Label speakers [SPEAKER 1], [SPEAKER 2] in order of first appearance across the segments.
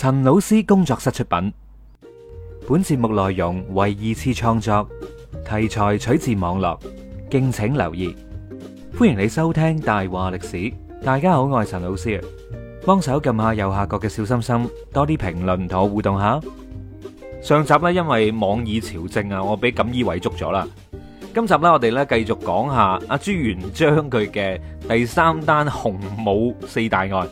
[SPEAKER 1] 陳老師工作室出品，本節目內容為二次創作，題材取自網絡，敬請留意。歡迎你收聽《大話歷史》，大家好，我係陳老師，幫手撳下右下角嘅小心心，多啲評論同我互動下。上集咧，因為妄議朝政啊，我俾錦衣衛捉咗啦。今集咧，我哋咧繼續講下阿朱元璋佢嘅第三單洪武四大案。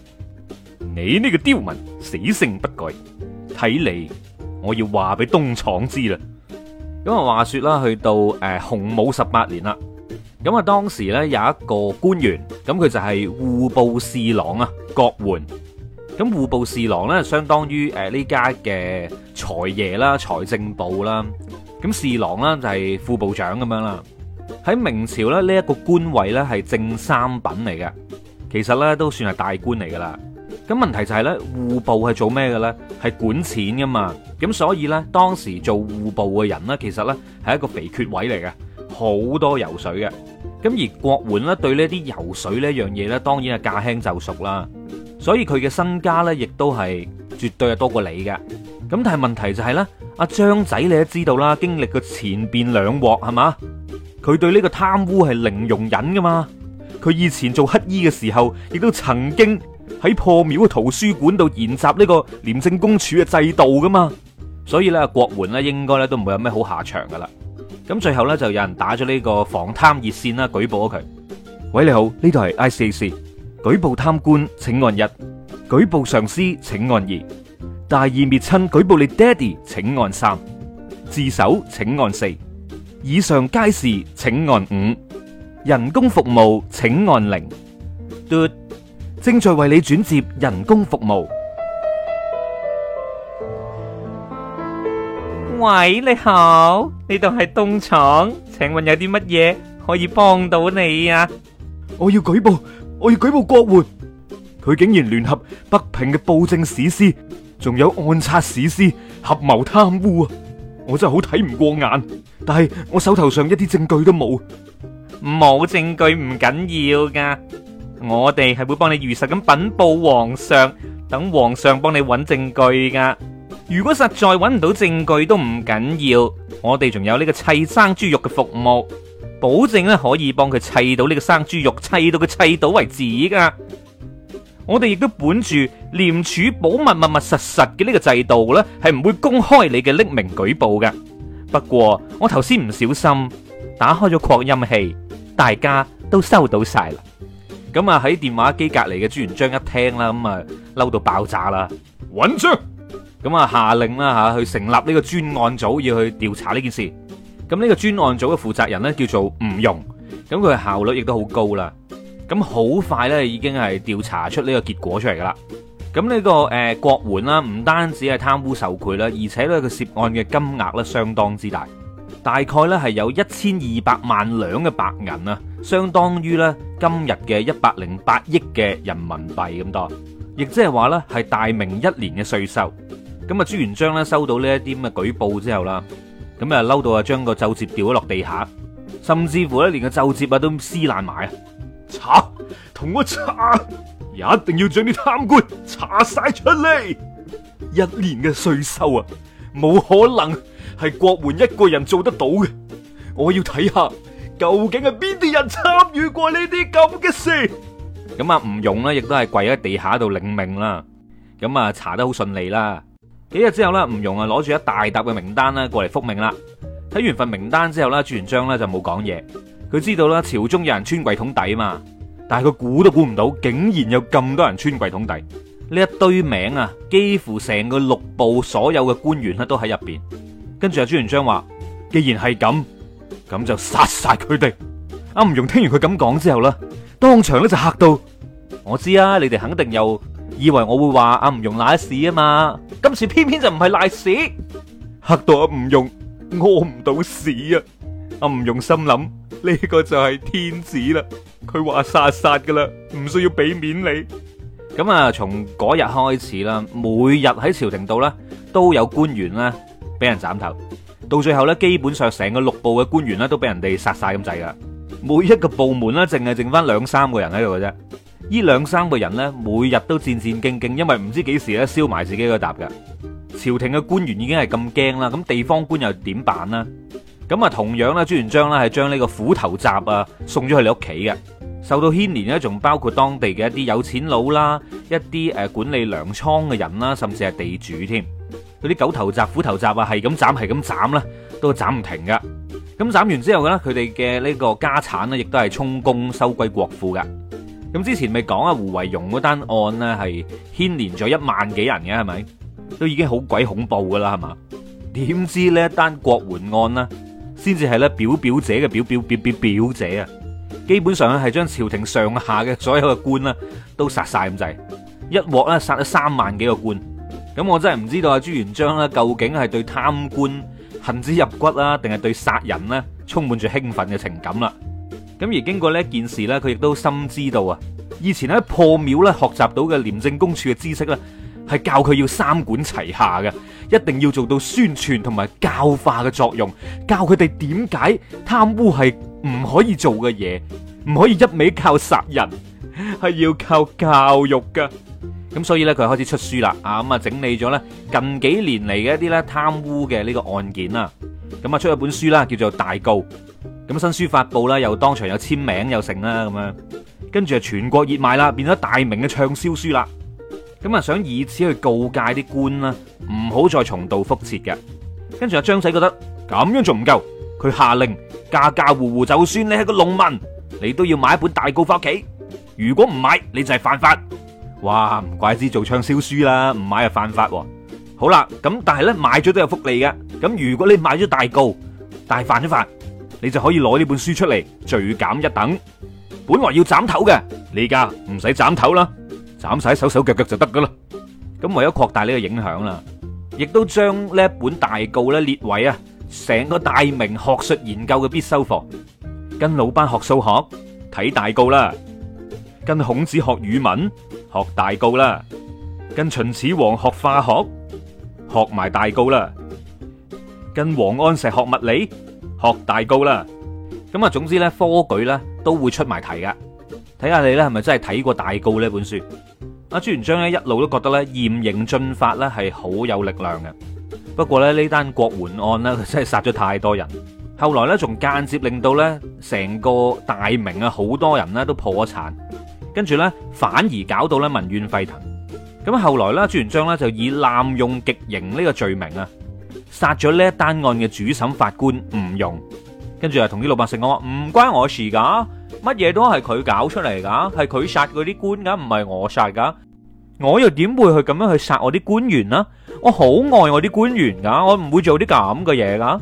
[SPEAKER 1] 你呢個刁民，死性不改，睇嚟，我要話俾東廠知啦。咁啊，話說啦，去到誒洪武十八年啦。咁啊，當時咧有一個官員，咁佢就係戶部侍郎啊，郭桓。咁戶部侍郎咧，相當於誒呢家嘅財爺啦，財政部啦。咁侍郎啦就係副部長咁樣啦。喺明朝咧呢一個官位咧係正三品嚟嘅，其實咧都算係大官嚟噶啦。咁問題就係咧，戶部係做咩嘅咧？係管錢噶嘛。咁所以咧，當時做戶部嘅人咧，其實咧係一個肥缺位嚟嘅，好多游水嘅。咁而郭桓咧，對呢啲游水呢樣嘢咧，當然係駕輕就熟啦。所以佢嘅身家咧，亦都係絕對係多過你嘅。咁但係問題就係咧，阿張仔你都知道啦，經歷過前邊兩鑊係嘛，佢對呢個貪污係零容忍噶嘛。佢以前做乞衣嘅時候，亦都曾經。喺破廟嘅圖書館度研習呢個廉政公署嘅制度噶嘛，所以咧，郭桓咧，應該咧都唔會有咩好下場噶啦。咁最後咧就有人打咗呢個防貪熱線啦，舉報咗佢。喂，你好，呢度係 ICAC，舉報貪官請按一，舉報上司請按二，大義滅親舉報你爹哋請按三，自首請按四，以上皆是請按五，人工服務請按零。嘟。正在為你轉接人工服務。喂，你好，呢度係東廠？請問有啲乜嘢可以幫到你啊？我要舉報，我要舉報郭桓，佢竟然聯合北平嘅布政使司，仲有按察使司合謀貪污啊！我真係好睇唔過眼，但係我手頭上一啲證據都冇，冇證據唔緊要㗎。我哋係會幫你如實咁稟報皇上，等皇上幫你揾證據噶。如果實在揾唔到證據都唔緊要，我哋仲有呢個砌生豬肉嘅服務，保證咧可以幫佢砌到呢個生豬肉砌到佢砌到為止噶。我哋亦都本住廉署保密、密密實實嘅呢個制度呢，係唔會公開你嘅匿名舉報噶。不過我頭先唔小心打開咗擴音器，大家都收到晒啦。咁啊喺電話機隔籬嘅朱元璋一聽啦，咁啊嬲到爆炸啦！穩住！咁啊下令啦吓，去成立呢個專案組要去調查呢件事。咁呢個專案組嘅負責人呢，叫做吳融，咁佢嘅效率亦都好高啦。咁好快呢，已經係調查出呢個結果出嚟噶啦。咁呢、呢個誒郭桓啦，唔單止係貪污受賄啦，而且呢，個涉案嘅金額呢，相當之大。大概咧係有一千二百萬兩嘅白銀啊，相當於咧今日嘅一百零八億嘅人民幣咁多，亦即係話咧係大明一年嘅稅收。咁啊朱元璋咧收到呢一啲咁嘅舉報之後啦，咁啊嬲到啊將個奏折掉咗落地下，甚至乎咧連個奏折啊都撕爛埋啊！查，同我查，一定要將啲貪官查晒出嚟！一年嘅稅收啊，冇可能。係郭桓一個人做得到嘅。我要睇下究竟係邊啲人參與過呢啲咁嘅事。咁啊，吳庸咧亦都係跪喺地下度領命啦。咁啊，查得好順利啦。幾日之後咧，吳庸啊攞住一大沓嘅名單咧過嚟復命啦。睇完份名單之後咧，朱元璋咧就冇講嘢。佢知道啦，朝中有人穿櫃桶底啊嘛，但係佢估都估唔到，竟然有咁多人穿櫃桶底。呢一堆名啊，幾乎成個六部所有嘅官員咧都喺入邊。跟住阿朱元璋話：既然係咁，咁就殺晒佢哋。阿吳用聽完佢咁講之後啦，當場咧就吓到。我知啊，你哋肯定又以為我會話阿吳用賴屎啊嘛。今次偏偏就唔係賴屎，吓到阿吳用屙唔到屎啊。阿吳用心諗呢個就係天子啦，佢話殺殺噶啦，唔需要俾面你。咁啊，從嗰日開始啦，每日喺朝廷度咧都有官員咧。俾人斬頭，到最後咧，基本上成個六部嘅官員咧都俾人哋殺晒咁滯啦。每一個部門咧，淨係剩翻兩三個人喺度嘅啫。呢兩三個人咧，每日都戰戰兢兢，因為唔知幾時咧燒埋自己嗰笪嘅。朝廷嘅官員已經係咁驚啦，咁地方官又點辦呢？咁啊，同樣啦，朱元璋啦係將呢個虎頭鍘啊送咗去你屋企嘅，受到牽連咧，仲包括當地嘅一啲有錢佬啦，一啲誒管理糧倉嘅人啦，甚至係地主添。佢啲狗頭鍘、虎頭鍘啊，係咁斬，係咁斬啦，都斬唔停噶。咁斬完之後咧，佢哋嘅呢個家產咧，亦都係充公收歸國庫噶。咁之前咪講啊胡惟庸嗰單案咧，係牽連咗一萬幾人嘅，係咪？都已經好鬼恐怖噶啦，係嘛？點知呢一單郭桓案呢，先至係咧表表者嘅表表表表表者啊，基本上咧係將朝廷上下嘅所有嘅官呢，都殺晒咁滯，一鑊咧殺咗三萬幾個官。咁我真係唔知道啊朱元璋啦，究竟係對貪官恨之入骨啦，定係對殺人咧充滿住興奮嘅情感啦？咁而經過呢一件事咧，佢亦都深知道啊，以前喺破廟咧學習到嘅廉政公署嘅知識咧，係教佢要三管齊下嘅，一定要做到宣傳同埋教化嘅作用，教佢哋點解貪污係唔可以做嘅嘢，唔可以一味靠殺人，係要靠教育噶。咁所以咧，佢開始出書啦，啊咁啊整理咗咧近幾年嚟嘅一啲咧貪污嘅呢個案件啦，咁啊出咗本書啦，叫做《大告》，咁新書發佈啦，又當場有簽名又成啦，咁樣，跟住啊全國熱賣啦，變咗大明嘅暢銷書啦，咁啊想以此去告誡啲官啦，唔好再重蹈覆轍嘅，跟住阿張仔覺得咁樣仲唔夠，佢下令家家戶戶，戶就算你係個農民，你都要買一本《大告》翻屋企，如果唔買你就係犯法。哇，唔怪之做暢銷書啦，唔買就犯法。好啦，咁但係咧買咗都有福利嘅。咁如果你買咗大告，但係犯咗法，你就可以攞呢本書出嚟，罪減一等。本來要斬頭嘅，你而家唔使斬頭啦，斬晒手手腳腳就得噶啦。咁為咗擴大呢個影響啦，亦都將呢一本大告咧列為啊成個大明學術研究嘅必修課。跟魯班學數學，睇大告啦；跟孔子學語文。學大誥啦，跟秦始皇學化學，學埋大誥啦，跟王安石學物理，學大誥啦。咁啊，總之咧科舉咧都會出埋題噶，睇下你咧係咪真係睇過大誥呢」呢本書。阿朱元璋咧一路都覺得咧嚴刑峻法咧係好有力量嘅，不過咧呢單郭桓案咧真係殺咗太多人，後來咧仲間接令到咧成個大明啊好多人咧都破咗產。跟住呢，反而搞到咧民怨沸騰。咁後來呢，朱元璋呢就以濫用極刑呢個罪名啊，殺咗呢一單案嘅主審法官吳用。跟住啊，同啲老百姓講，話唔關我事噶，乜嘢都係佢搞出嚟噶，係佢殺嗰啲官噶，唔係我殺噶。我又點會去咁樣去殺我啲官員呢？我好愛我啲官員噶，我唔會做啲咁嘅嘢噶。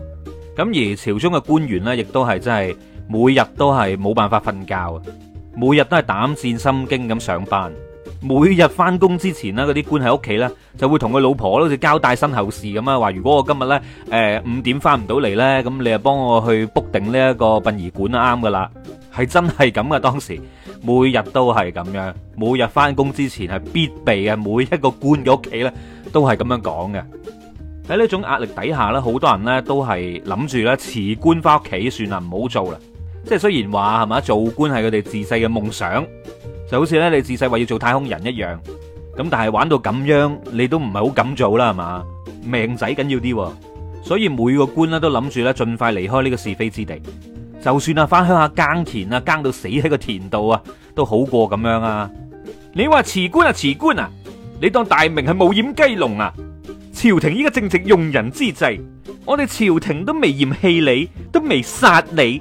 [SPEAKER 1] 咁而朝中嘅官員呢，亦都係真係每日都係冇辦法瞓覺啊。每日都係膽戰心驚咁上班，每日翻工之前咧，嗰啲官喺屋企咧，就會同佢老婆咧好似交代身後事咁啊，話如果我今日咧誒五點翻唔到嚟咧，咁你啊幫我去 book 定呢一個殯儀館啊，啱噶啦，係真係咁噶。當時每日都係咁樣，每日翻工之前係必備嘅，每一個官嘅屋企咧都係咁樣講嘅。喺呢種壓力底下咧，好多人咧都係諗住咧辭官翻屋企算啦，唔好做啦。即係雖然話係嘛，做官係佢哋自細嘅夢想，就好似咧你自細話要做太空人一樣。咁但係玩到咁樣，你都唔係好敢做啦，係嘛？命仔緊要啲，所以每個官咧都諗住咧盡快離開呢個是非之地。就算啊翻鄉下耕田啊，耕到死喺個田度啊，都好過咁樣啊！你話辭官啊，辭官啊！你當大明係冒險雞籠啊？朝廷依家正值用人之際，我哋朝廷都未嫌棄你，都未殺你。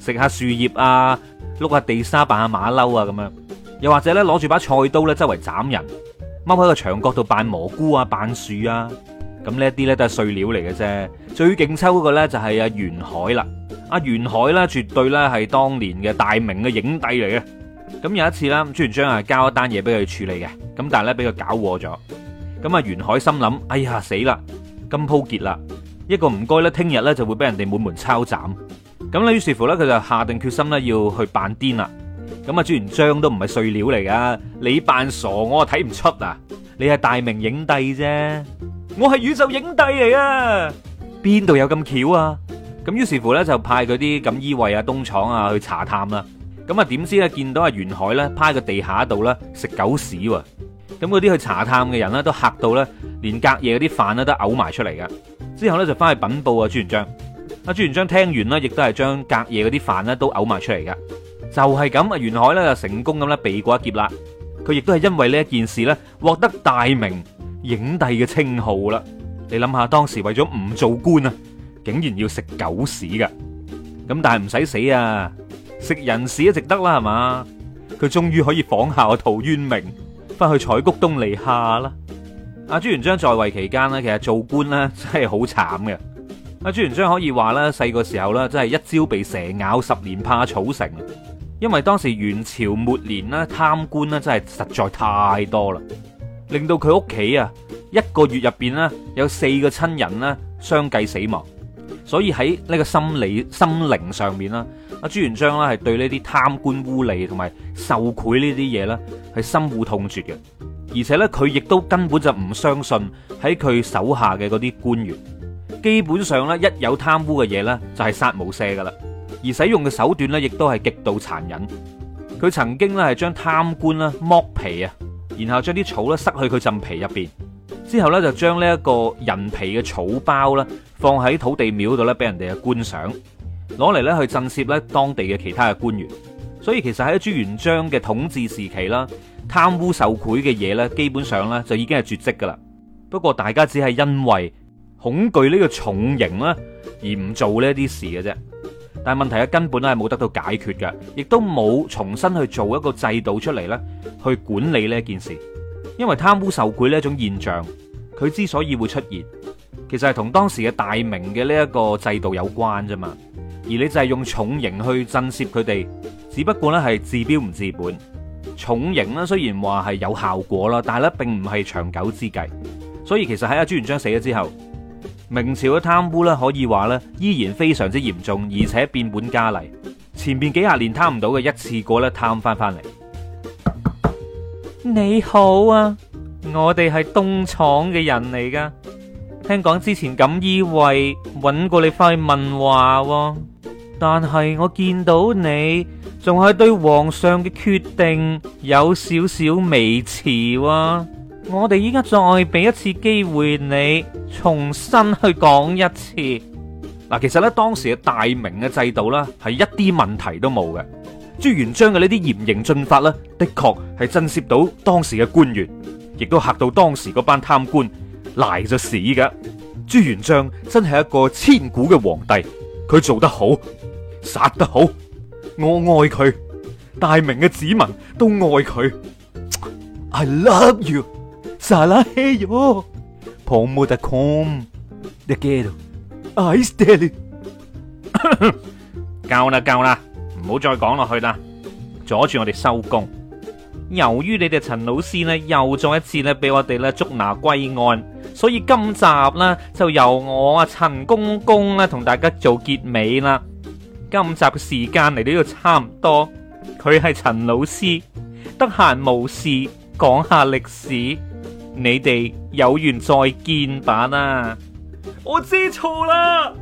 [SPEAKER 1] 食下樹葉啊，碌下地沙扮下馬騮啊咁樣，又或者咧攞住把菜刀咧周圍斬人，踎喺個牆角度扮蘑菇啊，扮樹啊，咁呢一啲咧都係碎料嚟嘅啫。最勁抽嗰個咧就係阿袁凱啦，阿袁凱咧絕對咧係當年嘅大明嘅影帝嚟嘅。咁有一次啦，朱元璋啊交一單嘢俾佢處理嘅，咁但係咧俾佢搞禍咗。咁啊袁凱心諗，哎呀死啦，今鋪結啦，一個唔該咧，聽日咧就會俾人哋滿門抄斬。咁咧，於是乎咧，佢就下定決心咧，要去扮癲啦。咁啊，朱元璋都唔係碎料嚟噶，你扮傻，我睇唔出啊。你係大明影帝啫，我係宇宙影帝嚟啊！邊度有咁巧啊？咁於是乎咧，就派嗰啲錦衣衛啊、東廠啊去查探啦。咁啊，點知咧見到阿袁凱咧趴喺個地下度咧食狗屎喎。咁嗰啲去查探嘅人咧都嚇到咧，連隔夜嗰啲飯咧都嘔埋出嚟噶。之後咧就翻去禀報啊朱元璋。阿、啊、朱元璋聽完咧，亦都係將隔夜嗰啲飯咧都嘔埋出嚟噶，就係咁啊！袁海咧就成功咁咧避過一劫啦。佢亦都係因為呢一件事咧，獲得大明影帝嘅稱號啦。你諗下，當時為咗唔做官啊，竟然要食狗屎噶，咁但係唔使死啊，食人屎都值得啦，係嘛？佢終於可以仿效啊陶淵明，翻去採菊東籬下啦。阿、啊、朱元璋在位期間呢，其實做官咧，真係好慘嘅。阿朱元璋可以話啦，細個時候啦，真係一朝被蛇咬，十年怕草繩。因為當時元朝末年呢，貪官呢真係實在太多啦，令到佢屋企啊一個月入邊呢，有四個親人呢相繼死亡。所以喺呢個心理心靈上面啦，阿朱元璋啦係對呢啲貪官污吏同埋受賄呢啲嘢呢，係深惡痛絕嘅。而且呢，佢亦都根本就唔相信喺佢手下嘅嗰啲官員。基本上咧，一有貪污嘅嘢咧，就係殺冇赦噶啦。而使用嘅手段咧，亦都係極度殘忍。佢曾經咧係將貪官咧剝皮啊，然後將啲草咧塞去佢浸皮入邊，之後咧就將呢一個人皮嘅草包咧放喺土地廟度咧，俾人哋嘅觀賞，攞嚟咧去震懾咧當地嘅其他嘅官員。所以其實喺朱元璋嘅統治時期啦，貪污受賄嘅嘢咧，基本上咧就已經係絕跡噶啦。不過大家只係因為，恐懼呢個重刑咧，而唔做呢啲事嘅啫。但係問題根本咧係冇得到解決嘅，亦都冇重新去做一個制度出嚟咧，去管理呢件事。因為貪污受賄呢種種現象，佢之所以會出現，其實係同當時嘅大明嘅呢一個制度有關啫嘛。而你就係用重刑去震懾佢哋，只不過咧係治標唔治本。重刑呢，雖然話係有效果啦，但係咧並唔係長久之計。所以其實喺阿、啊、朱元璋死咗之後。明朝嘅貪污咧，可以話咧依然非常之嚴重，而且變本加厲。前邊幾十年貪唔到嘅，一次過咧貪翻翻嚟。你好啊，我哋係東廠嘅人嚟噶。聽講之前錦衣衛揾過你翻去問話啊，但係我見到你仲係對皇上嘅決定有少少微詞啊。我哋依家再俾一次機會你。重新去講一次嗱，其實咧當時嘅大明嘅制度咧係一啲問題都冇嘅。朱元璋嘅呢啲嚴刑峻法咧，的確係震懾到當時嘅官員，亦都嚇到當時嗰班貪官賴咗屎噶。朱元璋真係一個千古嘅皇帝，佢做得好，殺得好，我愛佢，大明嘅子民都愛佢。I love you，撒拉嘿喲。好冇得控，得嘅啦！啊，Ester，夠啦，夠啦，唔好再講落去啦，阻住我哋收工。由於你哋陳老師咧，又再一次咧，俾我哋咧捉拿歸案，所以今集啦，就由我啊陳公公啦，同大家做結尾啦。今集嘅時間嚟到呢度差唔多，佢係陳老師，得閒無事講下歷史。你哋有緣再見吧啦！我知錯啦。